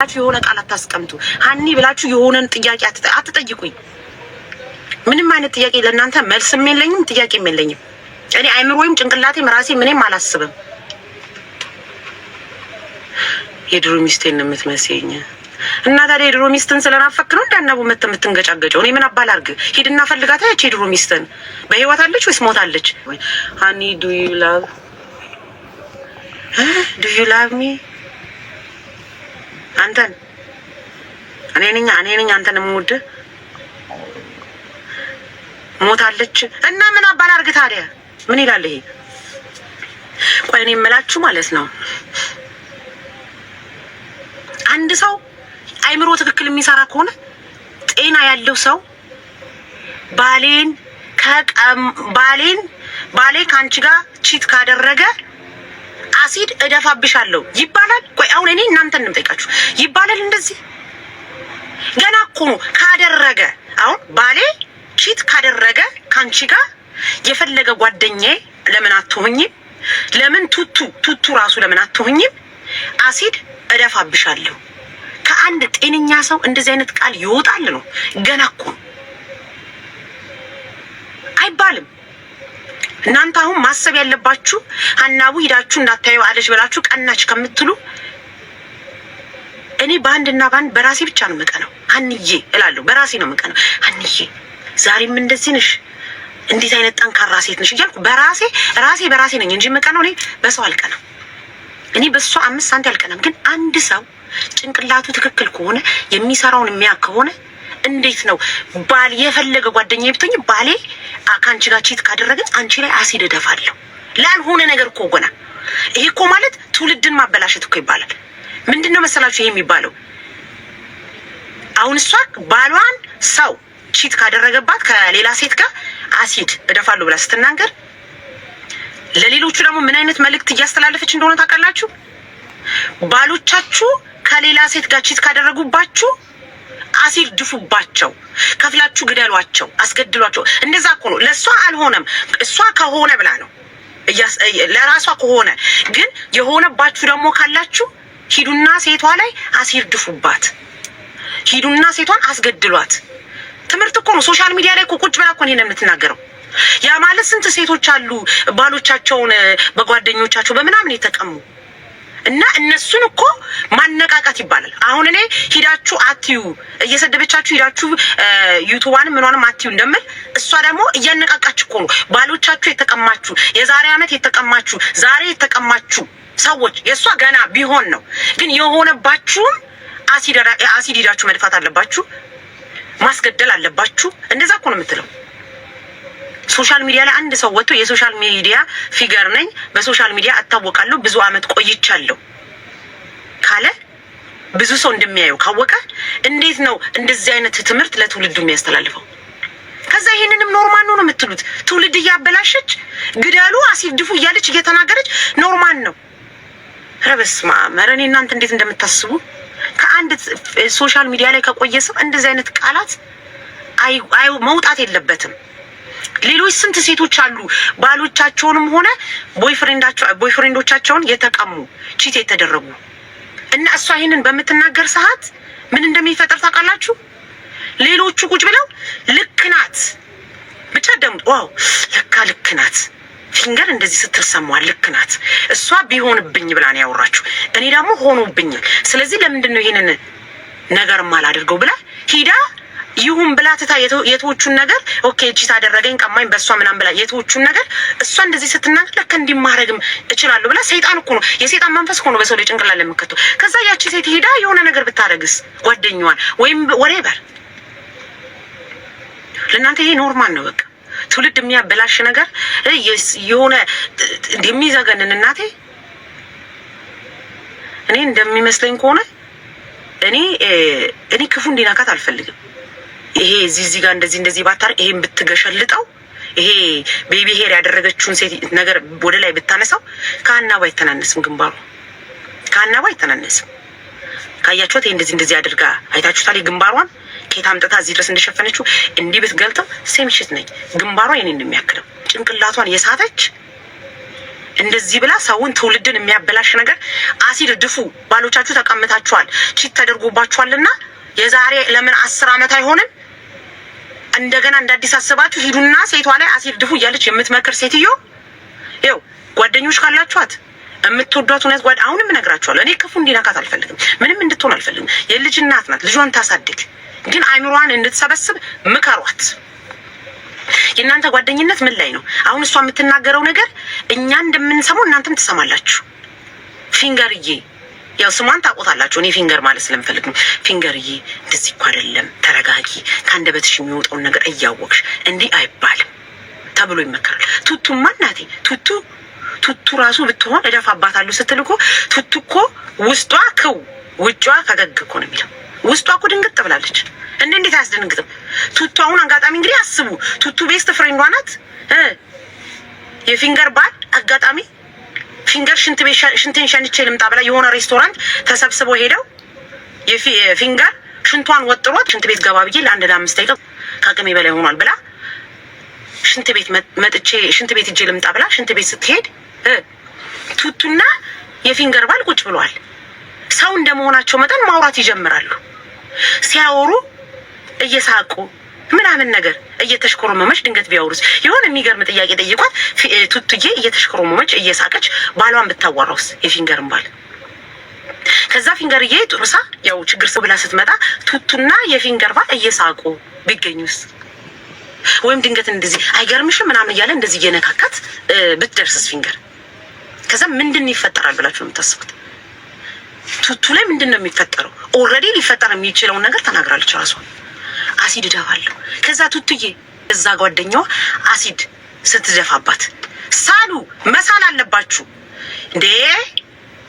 ብላችሁ የሆነ ቃል አታስቀምጡ። ሀኒ ብላችሁ የሆነን ጥያቄ አትጠይቁኝ። ምንም አይነት ጥያቄ ለእናንተ መልስም የለኝም ጥያቄም የለኝም። እኔ ወይም ጭንቅላቴም ራሴ ምንም አላስብም። የድሮ ሚስቴን ነው እና ታዲያ የድሮ ሚስትን ስለናፈክ ነው እንዳናቡ መት የምትንገጫገጨው? እኔ ምን አባል አርግ? ሂድና ፈልጋት። ያች የድሮ ሚስትን በህይወት አለች ወይስ ሞታለች? ሀኒ ዩ ላቭ ዩ ላቭ ሚ አንተን እኔ ነኝ እኔ ነኝ አንተን የምውድህ ሞታለች እና ምን አባል አድርግ ታዲያ ምን ይላል ይሄ ቆይ እኔ የምላችሁ ማለት ነው አንድ ሰው አይምሮ ትክክል የሚሰራ ከሆነ ጤና ያለው ሰው ባሌን ከቀም ባሌን ባሌ ከአንቺ ጋር ቺት ካደረገ አሲድ እደፋብሻለሁ ይባላል። ቆይ አሁን እኔ እናንተን እንምጠይቃችሁ ይባላል እንደዚህ ገና እኮ ነው ካደረገ። አሁን ባሌ ቺት ካደረገ ከአንቺ ጋር የፈለገ ጓደኛዬ ለምን አትሆኝም? ለምን ቱቱ ቱቱ ራሱ ለምን አትሆኝም? አሲድ እደፋብሻለሁ ከአንድ ጤነኛ ሰው እንደዚህ አይነት ቃል ይወጣል ነው? ገና እኮ አይባልም። እናንተ አሁን ማሰብ ያለባችሁ ሀናቡ ሂዳችሁ እንዳታየው አለች ብላችሁ ቀናች ከምትሉ እኔ በአንድና በአንድ በራሴ ብቻ ነው የምቀነው። አንዬ እላለሁ፣ በራሴ ነው የምቀነው። አንዬ ዛሬም እንደዚህ ነሽ፣ እንዴት አይነት ጠንካራ ሴት ነሽ እያልኩ በራሴ ራሴ በራሴ ነኝ እንጂ የምቀነው እኔ በሰው አልቀነው። እኔ በእሷ አምስት ሳንቲ አልቀነም። ግን አንድ ሰው ጭንቅላቱ ትክክል ከሆነ የሚሰራውን የሚያ ከሆነ እንዴት ነው ባል የፈለገ ጓደኛ ብትሆኝ ባሌ ከአንቺ ጋር ቺት ካደረገች አንቺ ላይ አሲድ እደፋለሁ ላልሆነ ነገር እኮ ጎና። ይሄ እኮ ማለት ትውልድን ማበላሸት እኮ ይባላል። ምንድን ነው መሰላችሁ ይሄ የሚባለው? አሁን እሷ ባሏን ሰው ቺት ካደረገባት ከሌላ ሴት ጋር አሲድ እደፋለሁ ብላ ስትናገር ለሌሎቹ ደግሞ ምን አይነት መልእክት እያስተላለፈች እንደሆነ ታውቃላችሁ? ባሎቻችሁ ከሌላ ሴት ጋር ቺት ካደረጉባችሁ አሲድ ድፉባቸው፣ ከፍላችሁ ግደሏቸው፣ አስገድሏቸው። እንደዛ እኮ ነው። ለእሷ አልሆነም፣ እሷ ከሆነ ብላ ነው ለራሷ ከሆነ ግን የሆነባችሁ ደግሞ ካላችሁ ሂዱና ሴቷ ላይ አሲር ድፉባት። ሂዱና ሴቷን አስገድሏት። ትምህርት እኮ ነው። ሶሻል ሚዲያ ላይ ቁጭ ብላ እኮ ነው የምትናገረው። ያ ማለት ስንት ሴቶች አሉ ባሎቻቸውን በጓደኞቻቸው በምናምን የተቀሙ እና እነሱን እኮ ማነቃቃት ይባላል። አሁን እኔ ሂዳችሁ አትዩ እየሰደበቻችሁ ሂዳችሁ ዩቱባን ምኗንም አትዩ እንደምል እሷ ደግሞ እያነቃቃችሁ እኮ ነው። ባሎቻችሁ የተቀማችሁ የዛሬ ዓመት የተቀማችሁ ዛሬ የተቀማችሁ ሰዎች የእሷ ገና ቢሆን ነው። ግን የሆነባችሁም አሲድ ሂዳችሁ መድፋት አለባችሁ፣ ማስገደል አለባችሁ። እንደዛ እኮ ነው የምትለው ሶሻል ሚዲያ ላይ አንድ ሰው ወጥቶ የሶሻል ሚዲያ ፊገር ነኝ፣ በሶሻል ሚዲያ እታወቃለሁ፣ ብዙ አመት ቆይቻለሁ ካለ ብዙ ሰው እንደሚያየው ካወቀ እንዴት ነው እንደዚህ አይነት ትምህርት ለትውልዱ የሚያስተላልፈው? ከዛ ይህንንም ኖርማል ነው ነው የምትሉት። ትውልድ እያበላሸች ግዳሉ አሲድ ድፉ እያለች እየተናገረች ኖርማል ነው። ኧረ በስመ አብ! ኧረ እኔ እናንተ እንዴት እንደምታስቡ ከአንድ ሶሻል ሚዲያ ላይ ከቆየ ሰው እንደዚህ አይነት ቃላት መውጣት የለበትም። ሌሎች ስንት ሴቶች አሉ ባሎቻቸውንም ሆነ ቦይፍሬንዶቻቸውን የተቀሙ ቺት የተደረጉ እና እሷ ይህንን በምትናገር ሰዓት ምን እንደሚፈጠር ታውቃላችሁ? ሌሎቹ ቁጭ ብለው ልክ ናት ብቻ ደም ዋው ለካ ልክ ናት ፊንገር እንደዚህ ስትል ሰማዋል። ልክ ናት እሷ ቢሆንብኝ ብላ ነው ያወራችሁ። እኔ ደግሞ ሆኖብኝ ስለዚህ ለምንድን ነው ይህንን ነገርም ማላደርገው ብላ ሂዳ ይሁን ብላ ትታ የተዎቹን ነገር ኦኬ እቺ ታደረገኝ ቀማኝ በእሷ ምናም ብላ የተዎቹን ነገር እሷ እንደዚህ ስትናገር ለካ እንዲማረግም እችላለሁ ብላ ሰይጣን እኮ ነው የሰይጣን መንፈስ እኮ ነው በሰው ላይ ጭንቅላል የምከቱ ከዛ ያቺ ሴት ሄዳ የሆነ ነገር ብታደረግስ ጓደኛዋን ወይም ወሬበር ለእናንተ ይሄ ኖርማል ነው። በቃ ትውልድ የሚያበላሽ ነገር የሆነ የሚዘገንን እናቴ እኔ እንደሚመስለኝ ከሆነ እኔ እኔ ክፉ እንዲነካት አልፈልግም። ይሄ እዚህ እዚህ ጋር እንደዚህ እንደዚህ ባታር ይሄን ብትገሸልጠው ይሄ ቤቢ ሄር ያደረገችውን ሴት ነገር ወደ ላይ ብታነሳው ከሀናቡ አይተናነስም። ግንባሩ ከሀናቡ አይተናነስም። ካያችሁት ይሄ እንደዚህ እንደዚህ አድርጋ አይታችሁታል። ግንባሯን ኬት አምጥታ እዚህ ድረስ እንደሸፈነችው እንዲህ ብትገልጠው ሴም ሽት ነኝ። ግንባሯ የኔን እንደሚያክለው ጭንቅላቷን የሳተች እንደዚህ ብላ ሰውን ትውልድን የሚያበላሽ ነገር አሲድ ድፉ። ባሎቻችሁ ተቀምታችኋል፣ ቺት ተደርጎባችኋልና የዛሬ ለምን አስር ዓመት አይሆንም እንደገና እንዳዲስ አስባችሁ ሂዱና ሴቷ ላይ አሲድ ድፉ እያለች የምትመክር ሴትዮ ይኸው ጓደኞች ካላችኋት የምትወዷት እውነት ጓድ አሁንም እነግራችኋለሁ። እኔ ክፉ እንዲነካት አልፈልግም። ምንም እንድትሆን አልፈልግም። የልጅ እናት ናት፣ ልጇን ታሳድግ። ግን አይምሯን እንድትሰበስብ ምከሯት። የእናንተ ጓደኝነት ምን ላይ ነው? አሁን እሷ የምትናገረው ነገር እኛ እንደምንሰማው እናንተም ትሰማላችሁ። ፊንገርዬ ያው ስሟን ታውቁታላችሁ። እኔ ፊንገር ማለት ስለምፈልግ ነው። ፊንገርዬ እንደዚህ እኮ አይደለም፣ ተረጋጊ፣ ከአንደበትሽ የሚወጣውን ነገር እያወቅሽ እንዲህ አይባልም ተብሎ ይመከራል። ቱቱ ማናቴ ቱቱ ቱቱ ራሱ ብትሆን እደፋባታለሁ ስትል እኮ ቱቱ እኮ ውስጧ ክው ውጫ ከገግ እኮ ነው የሚለው ውስጧ እኮ ድንግጥ ብላለች። እንደ እንዴት አያስደንግጥም? ቱቱ አሁን አጋጣሚ እንግዲህ አስቡ ቱቱ ቤስት ፍሬንዷ ናት የፊንገር ባል አጋጣሚ ፊንገር ሽንቴን ሸንቼ ልምጣ ብላ የሆነ ሬስቶራንት ተሰብስበው ሄደው ፊንገር ሽንቷን ወጥሯት ሽንት ቤት ገባ ብዬ ለአንድ ለአምስት ደቂቃ ከአቅሜ በላይ ሆኗል ብላ ሽንት ቤት መጥቼ ሽንት ቤት እጄ ልምጣ ብላ ሽንት ቤት ስትሄድ ቱቱና የፊንገር ባል ቁጭ ብሏል። ሰው እንደመሆናቸው መጠን ማውራት ይጀምራሉ። ሲያወሩ እየሳቁ ምናምን ነገር እየተሽኮረመመች ድንገት ቢያወሩስ የሆነ የሚገርም ጥያቄ ጠይቋት ቱቱዬ እየተሽኮረመመች እየሳቀች ባሏን ብታዋራውስ የፊንገርን ባል ከዛ ፊንገርዬ ጥሩሳ ያው ችግር ሰው ብላ ስትመጣ ቱቱና የፊንገር ባል እየሳቁ ቢገኙስ ወይም ድንገት እንደዚህ አይገርምሽም ምናምን እያለ እንደዚህ እየነካካት ብትደርስስ ፊንገር ከዛ ምንድን ይፈጠራል ብላችሁ ነው የምታስቡት? ቱቱ ላይ ምንድን ነው የሚፈጠረው? ኦልሬዲ ሊፈጠር የሚችለውን ነገር ተናግራለች ራሷ። አሲድ እደፋለሁ። ከዛ ቱቱዬ እዛ ጓደኛዋ አሲድ ስትደፋባት ሳሉ መሳል አለባችሁ እንዴ!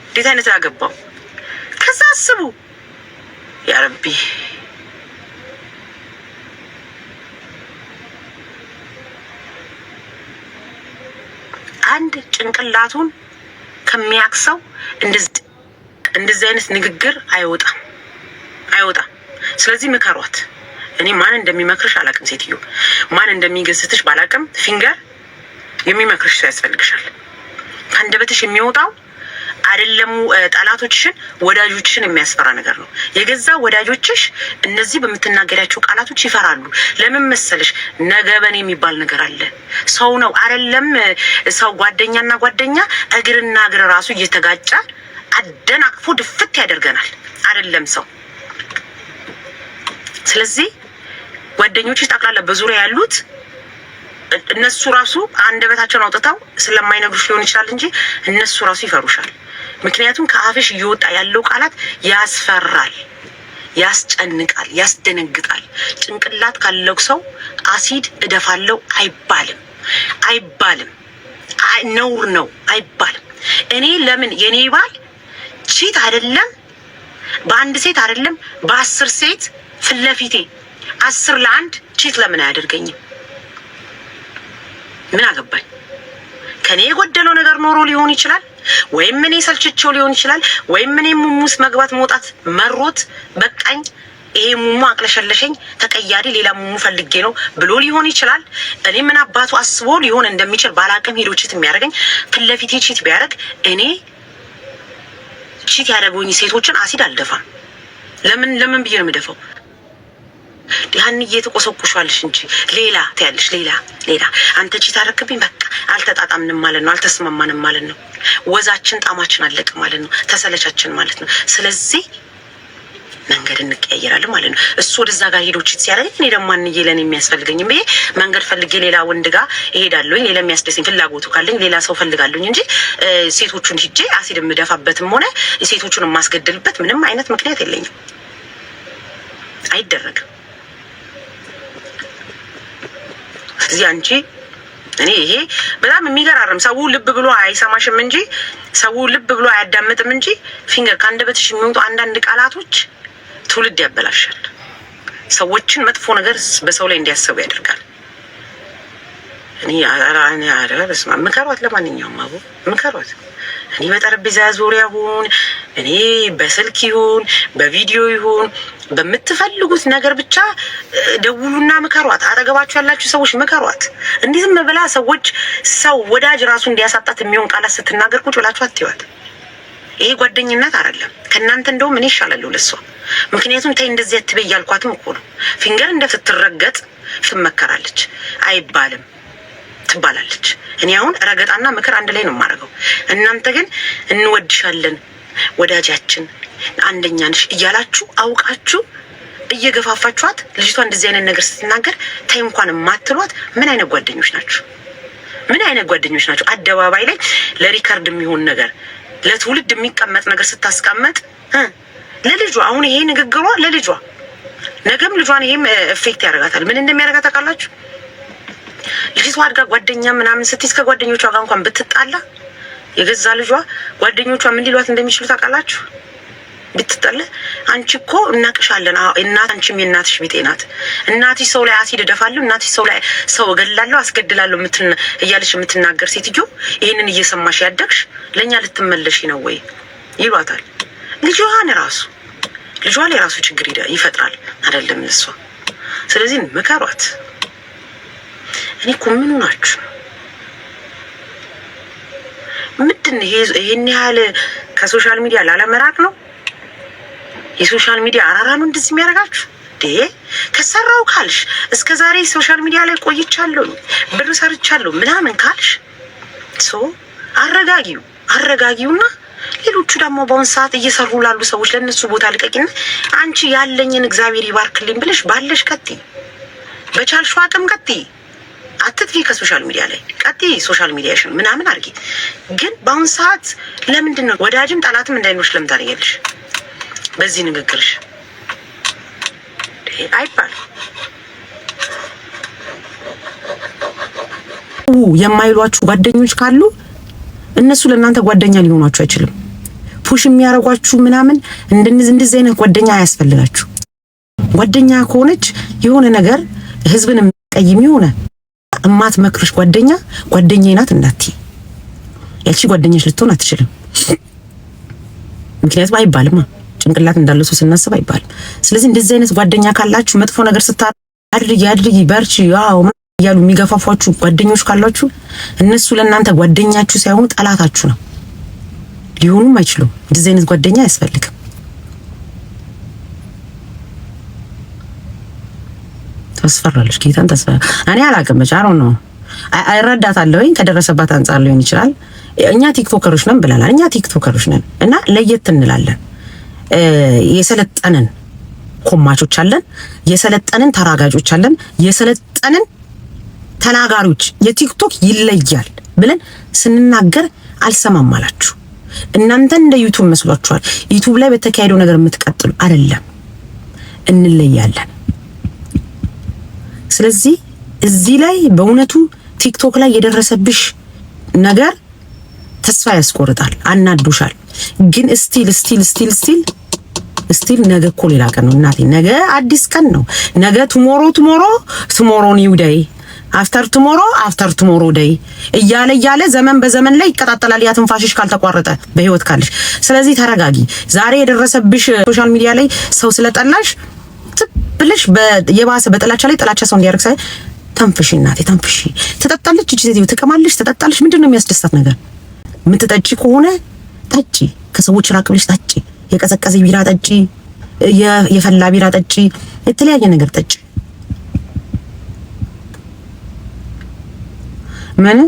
እንዴት አይነት ያገባው። ከዛ አስቡ ያረቢ አንድ ጭንቅላቱን ከሚያክሰው እንደዚህ አይነት ንግግር አይወጣም አይወጣም። ስለዚህ ምከሯት። እኔ ማን እንደሚመክርሽ አላቅም። ሴትዮ ማን እንደሚገስትሽ ባላቅም፣ ፊንገር የሚመክርሽ ሰው ያስፈልግሻል። ከአንደበትሽ የሚወጣው አይደለም ጠላቶችሽን፣ ወዳጆችሽን የሚያስፈራ ነገር ነው። የገዛ ወዳጆችሽ እነዚህ በምትናገሪያቸው ቃላቶች ይፈራሉ። ለምን መሰለሽ? ነገበን የሚባል ነገር አለ። ሰው ነው አይደለም ሰው ጓደኛና ጓደኛ እግርና እግር ራሱ እየተጋጨ አደናቅፎ ድፍት ያደርገናል። አይደለም ሰው ስለዚህ ጓደኞች ጠቅላላ በዙሪያ ያሉት እነሱ ራሱ አንደበታቸውን አውጥተው ስለማይነግሩሽ ሊሆን ይችላል እንጂ እነሱ ራሱ ይፈሩሻል። ምክንያቱም ከአፍሽ እየወጣ ያለው ቃላት ያስፈራል፣ ያስጨንቃል፣ ያስደነግጣል። ጭንቅላት ካለው ሰው አሲድ እደፋለው አይባልም፣ አይባልም፣ ነውር ነው አይባልም። እኔ ለምን የኔ ባል ቺት አይደለም በአንድ ሴት አይደለም በአስር ሴት ፊት ለፊቴ አስር ለአንድ ቺት ለምን አያደርገኝም? ምን አገባኝ? ከኔ የጎደለው ነገር ኖሮ ሊሆን ይችላል፣ ወይም እኔ ሰልችቸው ሊሆን ይችላል፣ ወይም እኔ ሙሙስ መግባት መውጣት መሮት በቃኝ፣ ይሄ ሙሙ አቅለሸለሸኝ፣ ተቀያሪ ሌላ ሙሙ ፈልጌ ነው ብሎ ሊሆን ይችላል። እኔ ምን አባቱ አስቦ ሊሆን እንደሚችል ባላቅም ሄዶ ቺት የሚያደርገኝ ፊት ለፊቴ ቺት ቢያደርግ እኔ ቺት ያደረጉኝ ሴቶችን አሲድ አልደፋም። ለምን ለምን ብዬ ነው የምደፋው? ያን ተቆሰቁሻለሽ እንጂ ሌላ ትያለሽ፣ ሌላ ሌላ። አንተ ቺ ታረክብኝ፣ በቃ አልተጣጣምንም ማለት ነው፣ አልተስማማንም ማለት ነው። ወዛችን ጣማችን አለቅ ማለት ነው፣ ተሰለቻችን ማለት ነው። ስለዚህ መንገድ እንቀያየራለን ማለት ነው። እሱ ወደዛ ጋር ሄዶች ሲያደርግ እኔ ደግሞ አንዬ ለእኔ የሚያስፈልገኝ ይሄ መንገድ ፈልጌ ሌላ ወንድ ጋር እሄዳለሁኝ። ሌላ የሚያስደስኝ ፍላጎቱ ካለኝ ሌላ ሰው ፈልጋለሁኝ እንጂ ሴቶቹን ሂጄ አሲድ የምደፋበትም ሆነ ሴቶቹን የማስገድልበት ምንም አይነት ምክንያት የለኝም። አይደረግም። እዚህ አንቺ እኔ ይሄ በጣም የሚገራርም ሰው ልብ ብሎ አይሰማሽም እንጂ ሰው ልብ ብሎ አያዳምጥም እንጂ ፊንገር ከአንደበትሽ የሚወጡ አንዳንድ ቃላቶች ትውልድ ያበላሻል። ሰዎችን መጥፎ ነገር በሰው ላይ እንዲያሰቡ ያደርጋል። እኔ ምከሯት፣ ለማንኛውም አቡ ምከሯት። እኔ በጠረጴዛ ዙሪያ ሁን፣ እኔ በስልክ ይሁን በቪዲዮ ይሁን በምትፈልጉት ነገር ብቻ ደውሉና ምከሯት። አጠገባችሁ ያላችሁ ሰዎች ምከሯት። እንዲህ ዝም ብላ ሰዎች ሰው ወዳጅ ራሱ እንዲያሳጣት የሚሆን ቃላት ስትናገር ቁጭ ብላችሁ አትይዋት። ይሄ ጓደኝነት አይደለም። ከእናንተ እንደውም እኔ ይሻላለሁ ለሷ። ምክንያቱም ተይ እንደዚህ አትበይ እኮ ነው። ፊንገር እንደ ስትረገጥ ትመከራለች አይባልም ትባላለች። እኔ አሁን ረገጣና ምክር አንድ ላይ ነው የማደርገው። እናንተ ግን እንወድሻለን፣ ወዳጃችን፣ አንደኛ ነሽ እያላችሁ አውቃችሁ እየገፋፋችኋት ልጅቷ እንደዚህ አይነት ነገር ስትናገር ተይ እንኳን የማትሏት ምን አይነት ጓደኞች ናቸው? ምን አይነት ጓደኞች ናቸው? አደባባይ ላይ ለሪከርድ የሚሆን ነገር ለትውልድ የሚቀመጥ ነገር ስታስቀመጥ ለልጇ አሁን ይሄ ንግግሯ ለልጇ ነገም ልጇን ይሄም ኤፌክት ያደርጋታል። ምን እንደሚያደርጋት ታውቃላችሁ? ልጅቷ አድጋ ጓደኛ ምናምን ስትይዝ ከጓደኞቿ ጋር እንኳን ብትጣላ የገዛ ልጇ ጓደኞቿ ምን ሊሏት እንደሚችሉ ታውቃላችሁ? ብትጠል አንቺ እኮ እናቅሻለን። እናት አንቺም የእናትሽ ቢጤ ናት። እናትሽ ሰው ላይ አሲድ እደፋለሁ፣ እናትሽ ሰው ላይ ሰው እገላለሁ፣ አስገድላለሁ እያለሽ የምትናገር ሴትዮ ይህንን እየሰማሽ ያደግሽ ለእኛ ልትመለሽ ነው ወይ ይሏታል። ልጇን ራሱ ልጇ ላይ የራሱ ችግር ይፈጥራል አይደለም እሷ። ስለዚህ ምከሯት። እኔ እኮ ምኑ ናችሁ? ምንድን ይሄን ያህል ከሶሻል ሚዲያ ላለመራቅ ነው? የሶሻል ሚዲያ አራራ ነው እንደዚህ የሚያደርጋችሁ ከሰራው ካልሽ እስከ ዛሬ ሶሻል ሚዲያ ላይ ቆይቻለሁ ብር ሰርቻለሁ ምናምን ካልሽ ሶ አረጋጊው አረጋጊውና ሌሎቹ ደግሞ በአሁን ሰዓት እየሰሩ ላሉ ሰዎች ለእነሱ ቦታ ልቀቂና አንቺ ያለኝን እግዚአብሔር ይባርክልኝ ብለሽ ባለሽ ቀጥይ፣ በቻልሽው አቅም ቀጥይ። አትጥፊ ከሶሻል ሚዲያ ላይ ቀጥ ሶሻል ሚዲያሽን ምናምን አድርጊ። ግን በአሁን ሰዓት ለምንድን ነው ወዳጅም ጠላትም እንዳይኖርሽ ለምን ታደርጊያለሽ? በዚህ ንግግርሽ አይባል የማይሏችሁ ጓደኞች ካሉ እነሱ ለእናንተ ጓደኛ ሊሆኗችሁ አይችልም። ፑሽ የሚያደርጓችሁ ምናምን እንደዚህ አይነት ጓደኛ አያስፈልጋችሁ። ጓደኛ ከሆነች የሆነ ነገር ህዝብን የሚቀይም የሆነ መክሮሽ ጓደኛ ጓደኛዬ ናት እንዳትዪ። ያቺ ጓደኛሽ ልትሆን አትችልም። ምክንያቱም አይባልማ ጭንቅላት እንዳለው ሰው ስናስብ አይባልም። ስለዚህ እንደዚህ አይነት ጓደኛ ካላችሁ መጥፎ ነገር ስታድርጊ አድርጊ በርቺ ያው እያሉ የሚገፋፏችሁ ጓደኞች ካሏችሁ እነሱ ለእናንተ ጓደኛችሁ ሳይሆኑ ጠላታችሁ ነው። ሊሆኑም አይችሉም። እንደዚህ አይነት ጓደኛ አያስፈልግም። ታስፈራለች። ጌታን ተስፈ እኔ አላውቅም አሮ ነው አይረዳታለሁኝ ከደረሰባት አንጻር ሊሆን ይችላል። እኛ ቲክቶከሮች ነን ብለናል። እኛ ቲክቶከሮች ነን እና ለየት እንላለን። የሰለጠንን ኮማቾች አለን፣ የሰለጠንን ተራጋጮች አለን፣ የሰለጠንን ተናጋሪዎች። የቲክቶክ ይለያል ብለን ስንናገር አልሰማም አላችሁ። እናንተ እንደ ዩቱብ መስሏችኋል። ዩቱብ ላይ በተካሄደው ነገር የምትቀጥሉ አይደለም። እንለያለን። ስለዚህ እዚህ ላይ በእውነቱ ቲክቶክ ላይ የደረሰብሽ ነገር ተስፋ ያስቆርጣል፣ አናዱሻል። ግን ስቲል ስቲል ስቲል ስቲል ስቲል ነገ እኮ ሌላ ቀን ነው እናቴ፣ ነገ አዲስ ቀን ነው። ነገ ቱሞሮ ቱሞሮ ቱሞሮ ኒው ዴይ አፍተር ቱሞሮ አፍተር ቱሞሮ ዴይ እያለ እያለ ዘመን በዘመን ላይ ይቀጣጠላል። ያ ትንፋሽሽ ካልተቋረጠ በህይወት ካለሽ። ስለዚህ ተረጋጊ። ዛሬ የደረሰብሽ ሶሻል ሚዲያ ላይ ሰው ስለጠላሽ ብለሽ የባሰ በጥላቻ ላይ ጥላቻ ሰው እንዲያደርግ ሳይ ተንፍሺ እናቴ ተንፍሺ። ትጠጣለች እቺ ሴትዮ ትቀማለች፣ ትጠጣለች። ምንድን ነው የሚያስደስታት ነገር? የምትጠጪ ከሆነ ጠጪ፣ ከሰዎች ራቅ ብለሽ ጠጪ። የቀዘቀዘ ቢራ ጠጪ፣ የፈላ ቢራ ጠጪ፣ የተለያየ ነገር ጠጪ። ምን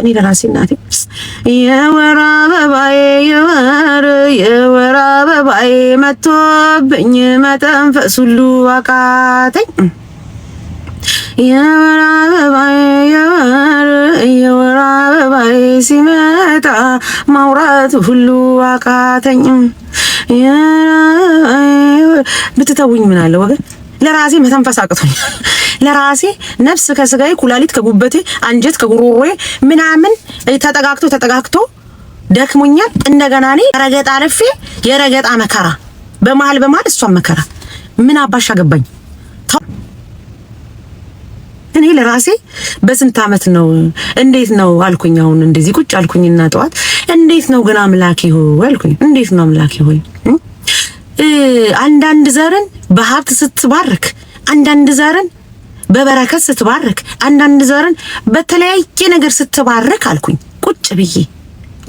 እኔ ለራሴ እናቴ የወር አበባዬ የወር የወር አበባዬ መቶብኝ መተንፈስ ሁሉ አቃተኝ። የወር አበባዬ የወር የወር አበባዬ ሲመጣ ማውራት ሁሉ አቃተኝ። ብትተውኝ ምን አለ ወገን፣ ለራሴ መተንፈስ አቅቶኛል። ለራሴ ነፍስ ከስጋዬ ኩላሊት ከጉበቴ አንጀት ከጉሮሮዬ ምናምን ተጠጋግቶ ተጠጋግቶ ደክሞኛል። እንደገና እኔ ረገጣ አልፌ የረገጣ መከራ በመሀል በመሀል እሷን መከራ ምን አባሽ አገባኝ። እኔ ለራሴ በስንት አመት ነው እንዴት ነው አልኩኝ። አሁን እንደዚህ ቁጭ አልኩኝና ጠዋት እንዴት ነው ግን አምላኬ ሆይ አልኩኝ። እንዴት ነው አምላኬ ሆይ አንዳንድ ዘርን በሀብት ስትባርክ አንዳንድ ዘርን በበረከት ስትባርክ አንዳንድ ዘርን በተለያየ ነገር ስትባርክ አልኩኝ ቁጭ ብዬ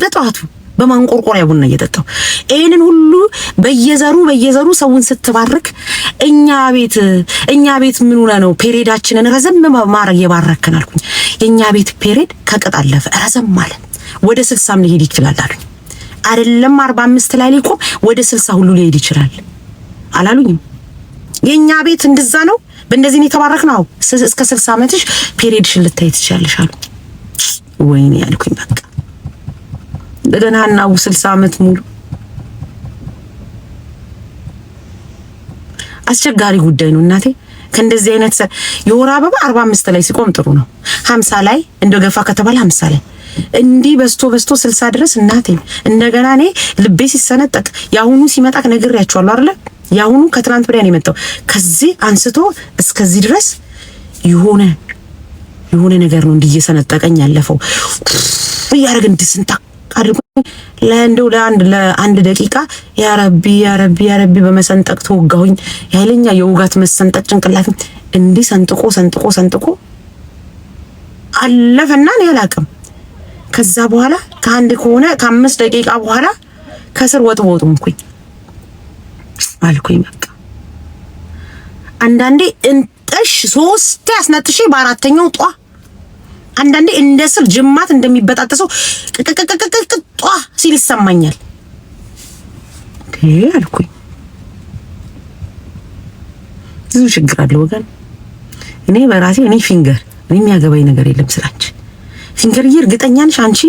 በጠዋቱ በማንቆርቆሪያ ቡና እየጠጣው ይህንን ሁሉ በየዘሩ በየዘሩ ሰውን ስትባርክ እኛ ቤት እኛ ቤት ምን ሆነ ነው ፔሬዳችንን ረዘም ማድረግ የባረክን አልኩኝ። የእኛ ቤት ፔሬድ ከቅጥ አለፈ ረዘም አለ። ወደ ስልሳም ሊሄድ ይችላል አሉኝ። አይደለም አርባ አምስት ላይ ሊቆም ወደ ስልሳ ሁሉ ሊሄድ ይችላል አላሉኝም። የእኛ ቤት እንደዛ ነው። በእንደዚህ የተባረክ ነው። እስከ ስልሳ ዓመትሽ ፔሪድሽን ልታይ ትችያለሽ አሉ። ወይኔ ያልኩኝ በቃ ደህና ናው ስልሳ ዓመት ሙሉ አስቸጋሪ ጉዳይ ነው እናቴ። ከእንደዚህ አይነት የወር አበባ አርባ አምስት ላይ ሲቆም ጥሩ ነው። ሀምሳ ላይ እንደ ገፋ ከተባለ ሀምሳ ላይ እንዲህ በስቶ በስቶ ስልሳ ድረስ እናቴ እንደገና እኔ ልቤ ሲሰነጠቅ የአሁኑ ሲመጣ ነግሬያቸዋለሁ አይደለ የአሁኑ ከትናንት ወዲያ ነው የመጣው። ከዚህ አንስቶ እስከዚህ ድረስ የሆነ የሆነ ነገር ነው እንዲህ እየሰነጠቀኝ ያለፈው እያደረግ እንድስንታ አድርጎ ለእንደው ለአንድ ለአንድ ደቂቃ ያረቢ ያረቢ ያረቢ በመሰንጠቅ ተወጋሁኝ። የኃይለኛ የውጋት መሰንጠቅ ጭንቅላት እንዲህ ሰንጥቆ ሰንጥቆ ሰንጥቆ አለፈና እኔ አላቅም። ከዛ በኋላ ከአንድ ከሆነ ከአምስት ደቂቃ በኋላ ከስር ወጥ ወጡምኩኝ። አልኩኝ። በቃ አንዳንዴ እንጠሽ ሶስት አስነጥሼ በአራተኛው ጧ አንዳንዴ እንደ ስር ጅማት እንደሚበጣጠሰው ቅቅቅቅቅቅ ጧ ሲል ይሰማኛል አልኩኝ። ብዙ ችግር አለ ወገን። እኔ በራሴ እኔ ፊንገር እኔ የሚያገባኝ ነገር የለም ስላች ፊንገርዬ፣ እርግጠኛ ነሽ አንቺ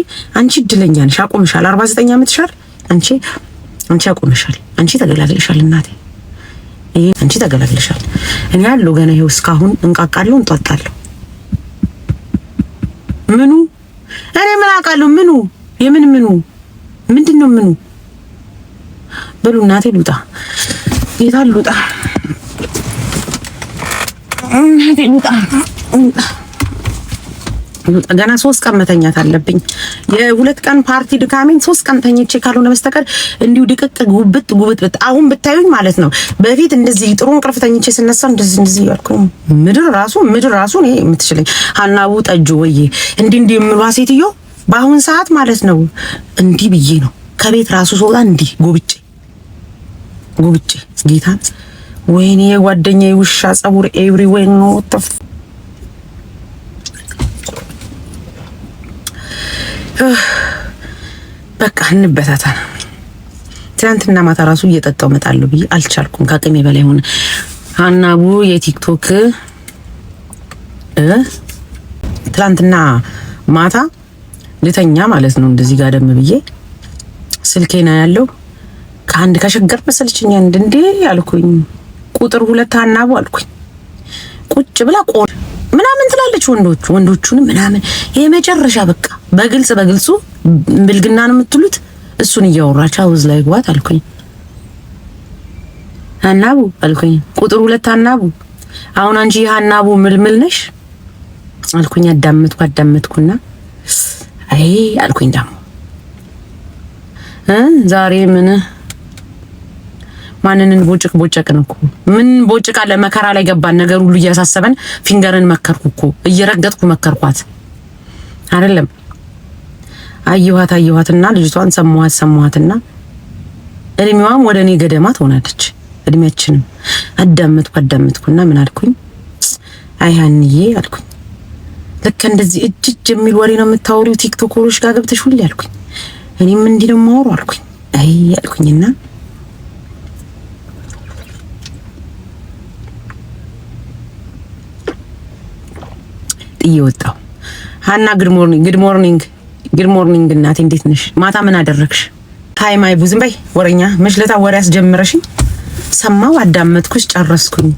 አንቺ እድለኛ ነሽ። አቆምሻል። 49 ዓመትሽ አንቺ አንቺ አቆምሻል። አንቺ ተገላግልሻል እናቴ፣ ይሄን አንቺ ተገላግልሻል። እኔ ያለው ገና ይሄው እስካሁን እንቃቃለሁ፣ እንጧጣለሁ። ምኑ እኔ ምን አውቃለሁ? ምኑ የምን ምኑ ምንድን ነው ምኑ? በሉ እናቴ ልውጣ፣ ጌታ ልውጣ፣ እናቴ ልውጣ ገና ሶስት ቀን መተኛት አለብኝ። የሁለት ቀን ፓርቲ ድካሜን ሶስት ቀን ተኝቼ ካልሆነ በስተቀር እንዲሁ ድቅቅ ጉብጥ ጉብጥ አሁን ብታዩኝ ማለት ነው። በፊት እንደዚህ ጥሩ እንቅልፍ ተኝቼ ስነሳ እንደዚህ እንደዚህ ያልኩ ምድር ራሱ ምድር ራሱ እኔ የምትችለኝ ሀናቡ ጠጁ ወይ እንዲህ እንዲህ የምሏ ሴትዮ በአሁን ሰዓት ማለት ነው እንዲህ ብዬ ነው ከቤት ራሱ ሰውጣ እንዲህ ጉብጬ ጉብጬ ጌታ ወይኔ የጓደኛዬ ውሻ ጸጉር ኤቭሪዌር ወይ ነው በቃ እንበታታ ነው። ትናንትና ማታ ራሱ እየጠጣው እመጣለሁ ብዬ አልቻልኩም። ከአቅሜ በላይ ሆነ። ሀናቡ የቲክቶክ ትናንትና ማታ ልተኛ ማለት ነው እንደዚህ ጋር ደም ብዬ ስልኬና ያለው ከአንድ ከሸገር መሰልችኛ እንድንዴ አልኩኝ። ቁጥር ሁለት ሀናቡ አልኩኝ። ቁጭ ብላ ቆ ምናምን ትላለች። ወንዶቹ ወንዶቹንም ምናምን የመጨረሻ በቃ በግልጽ በግልጹ ነው የምትሉት እሱን እያወራች አውዝ ላይ ግባት አልኩኝ። አናቡ አልኩኝ፣ ቁጥር ሁለት አናቡ አሁን አንቺ አናቡ ምልምል ነሽ አልኩኝ። አዳመጥኩ አዳመጥኩና አይ አልኩኝ ደግሞ ዛሬ ምን ማንንን ቦጭቅ ቦጨቅን እኮ ምን ቦጭቃ ለመከራ ላይ ገባን። ነገር ሁሉ እያሳሰበን ፊንገርን መከርኩ እኮ እየረገጥኩ መከርኳት አይደለም። አየኋት አየኋትና ልጅቷን ሰማኋት ሰማኋትና እድሜዋም ወደ እኔ ገደማ ትሆናለች። እድሜያችንም አዳምጥኩ አዳምጥኩና ምን አልኩኝ? አይ ሀንዬ አልኩኝ ልክ እንደዚህ እጅ እጅ የሚል ወሬ ነው የምታወሪው ቲክቶከሮች ጋር ገብተሽ ሁሌ አልኩኝ። እኔም እንዲህ ነው የማወራው አልኩኝ። አይ አልኩኝና ጥዬ ወጣው ሀና ግድ ሞርኒንግ፣ ጉድ ሞርኒንግ፣ ግድ ሞርኒንግ ግድ ሞርኒንግ እናቴ እንዴት ነሽ? ማታ ምን አደረግሽ? ሀይ ማይ ቡዝም በይ ወረኛ መሽለታ ወሬ አስጀምረሽኝ፣ ሰማው፣ አዳመጥኩሽ፣ ጨረስኩኝ።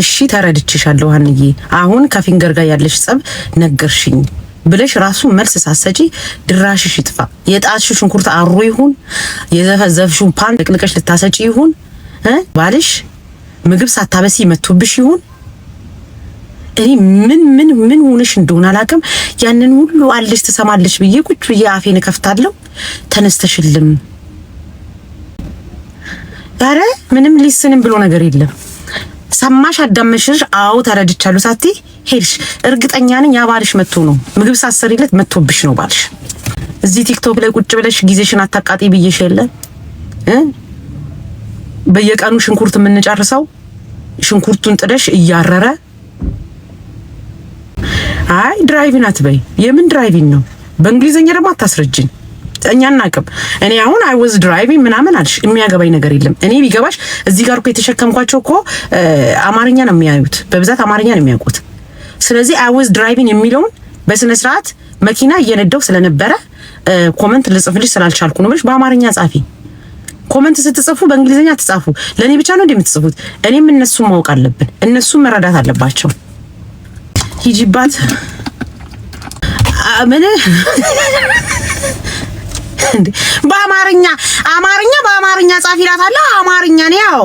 እሺ ተረድችሻለሁ ሀንዬ፣ አሁን ከፊንገር ጋር ያለሽ ጸብ ነገርሽኝ ብለሽ ራሱ መልስ ሳሰጪ ድራሽሽ ይጥፋ። የጣትሽ ሽንኩርት አሩ ይሁን የዘፈዘፍሽው ፓን ልቅልቀሽ ልታሰጪ ይሁን ባልሽ ምግብ ሳታበሲ መቶብሽ ይሁን እኔ ምን ምን ምን ሆነሽ እንደሆነ አላውቅም። ያንን ሁሉ አለሽ ትሰማለሽ ብዬ ቁጭ ብዬ አፌን እከፍታለሁ። ተነስተሽልም ኧረ ምንም ሊስንም ብሎ ነገር የለም። ሰማሽ፣ አዳመሽሽ፣ አዎ ተረድቻለሁ ሳቲ ሄድሽ። እርግጠኛ ነኝ ያ ባልሽ መጥቶ ነው ምግብ ሳሰሪለት መጥቶብሽ ነው ባልሽ። እዚህ ቲክቶክ ላይ ቁጭ ብለሽ ጊዜሽን አታቃጢ ብዬሽ የለ በየቀኑ ሽንኩርት የምንጨርሰው ሽንኩርቱን ጥደሽ እያረረ አይ ድራይቪን አትበይ። የምን ድራይቪን ነው? በእንግሊዝኛ ደግሞ አታስረጅን። እኛ አናውቅም። እኔ አሁን አይ ወዝ ድራይቪንግ ምናምን አልሽ፣ የሚያገባኝ ነገር የለም። እኔ ቢገባሽ እዚህ ጋር እኮ የተሸከምኳቸው እኮ አማርኛ ነው የሚያዩት፣ በብዛት አማርኛ ነው የሚያውቁት። ስለዚህ አይ ወዝ ድራይቪንግ የሚለውን በስነ ስርዓት መኪና እየነዳው ስለነበረ ኮመንት ልጽፍልሽ ስላልቻልኩ ነው ብለሽ በአማርኛ ጻፊ። ኮመንት ስትጽፉ በእንግሊዝኛ ትጻፉ። ለእኔ ብቻ ነው እንደምትጽፉት። እኔም እነሱን ማወቅ አለብን፣ እነሱን መረዳት አለባቸው። ሂጂባት ምን በአማርኛ አማርኛ በአማርኛ ጻፍ አማርኛ ነው ያው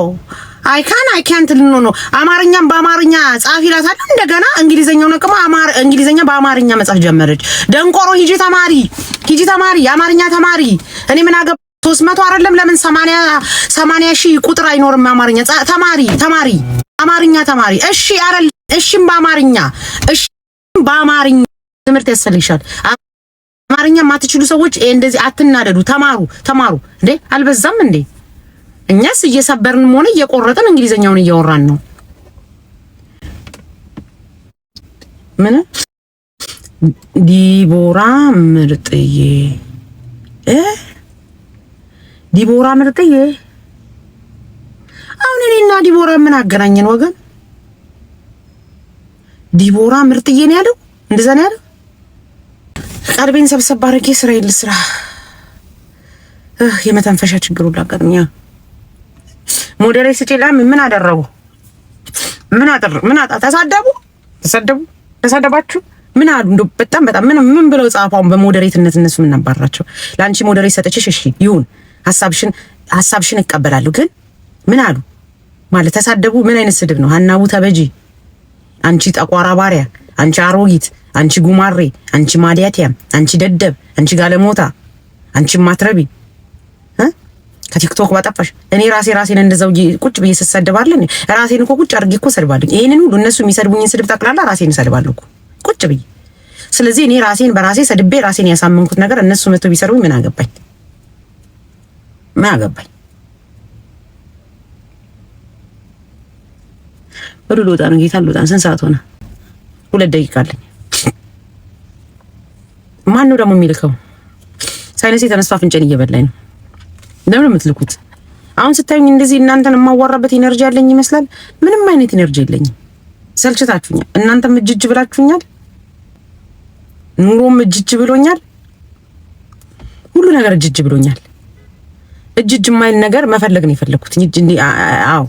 አይካን አይካንት ልኖ ነው። አማርኛም በአማርኛ ጻፍ እንደገና እንግሊዘኛውን አቅማ አማር እንግሊዘኛ በአማርኛ መጻፍ ጀመረች። ደንቆሮ ሂጂ ተማሪ፣ ሂጂ ተማሪ፣ አማርኛ ተማሪ። እኔ ምን አገባ ሶስት አይደለም ለምን ሰማንያ ሰማንያ ሺህ ቁጥር አይኖርም። አማርኛ ተማሪ ተማሪ አማርኛ ተማሪ እሺ አይደል እሽም በአማርኛ እሽም በአማርኛ ትምህርት ያስፈልግሻል። አማርኛ የማትችሉ ሰዎች ይሄ እንደዚህ አትናደዱ። ተማሩ ተማሩ። እንዴ አልበዛም እንዴ? እኛስ እየሰበርንም ሆነ እየቆረጥን እንግሊዘኛውን እያወራን ነው። ምን ዲቦራ ምርጥዬ እ ዲቦራ ምርጥዬ አሁን እኔና ዲቦራ ምን አገናኘን ወገን? ዲቦራ ምርጥዬ ነው ያለው። እንደዛ ነው ያለው። ቀልቤን ሰብሰብ አድርጌ ስራዬን ስራ የመተንፈሻ ችግሩ ላጋጥምኛ ሞዴሬት ስጪላ ምን አደረጉ? ምን አጠር ምን አጣ ተሳደቡ ተሳደቡ ተሳደባችሁ ምን አሉ? እንደው በጣም በጣም ምን ምን ብለው ጻፋውን በሞዴሬትነት እነሱ ምን አባራቸው? ለአንቺ ሞዴሬት ሰጠችሽ፣ እሺ ይሁን፣ ሐሳብሽን ሐሳብሽን እቀበላለሁ። ግን ምን አሉ ማለት ተሳደቡ? ምን አይነት ስድብ ነው? አናቡ ተበጂ አንቺ ጠቋራ ባሪያ፣ አንቺ አሮጊት፣ አንቺ ጉማሬ፣ አንቺ ማዲያቲያም፣ አንቺ ደደብ፣ አንቺ ጋለሞታ፣ አንቺ ማትረቢ ከቲክቶክ ባጠፋሽ። እኔ ራሴ ራሴን እንደዛው ቁጭ ብዬ ስሰድባለን። ራሴን እኮ ቁጭ አድርጌ እኮ ሰድባለሁ። ይሄንን ሁሉ እነሱ የሚሰድቡኝን ስድብ ጠቅላላ ራሴን እሰድባለሁ እኮ ቁጭ ብዬ። ስለዚህ እኔ ራሴን በራሴ ሰድቤ ራሴን ያሳመንኩት ነገር እነሱ መቶ ቢሰድቡኝ ምን አገባኝ? ምን አገባኝ? ወደ ልወጣ ነው ጌታ ልወጣ። ስንት ሰዓት ሆነ? ሁለት ደቂቃ አለኝ። ማን ነው ደግሞ የሚልከው? ሳይነስ የተነሳ አፍንጫን እየበላኝ ነው። ለምን የምትልኩት? አሁን ስታዩኝ እንደዚህ እናንተን የማዋራበት ኤነርጂ ያለኝ ይመስላል። ምንም አይነት ኤነርጂ የለኝም። ሰልችታችሁኛል። እናንተም እጅጅ ብላችሁኛል። ኑሮም እጅጅ ብሎኛል። ሁሉ ነገር እጅጅ ብሎኛል። እጅጅ የማይል ነገር መፈለግ ነው የፈለግኩት። አዎ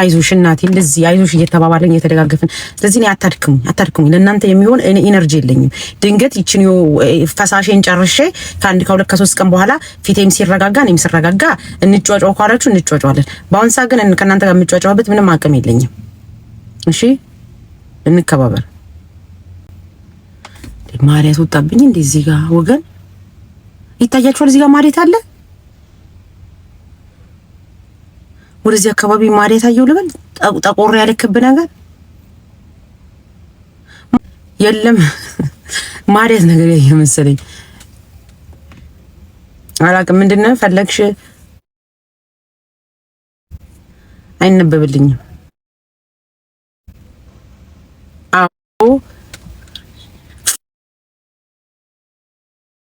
አይዞሽ እናቴ እንደዚህ አይዞሽ እየተባባለን እየተደጋገፍን ስለዚህ እኔ አታድክሙኝ አታድክሙኝ ለእናንተ የሚሆን ኢነርጂ የለኝም። ድንገት ይችን ፈሳሽን ጨርሼ ከአንድ ከሁለት ከሶስት ቀን በኋላ ፊቴም ሲረጋጋ እኔም ስረጋጋ እንጫጫው ካላችሁ እንጫጫዋለን። በአሁን ሰዓት ግን ከእናንተ ጋር የምጫጫውበት ምንም አቅም የለኝም። እሺ እንከባበር። ማሪያት ወጣብኝ እንደዚህ ጋር ወገን ይታያችኋል። እዚህ ጋር ማሪያት አለ ወደዚህ አካባቢ ማር የታየው ልበል፣ ጠቆር ያለ ክብ ነገር የለም። ማርያት ነገር ያየ መሰለኝ አላውቅም። ምንድን ነው ፈለግሽ? አይነበብልኝም። አዎ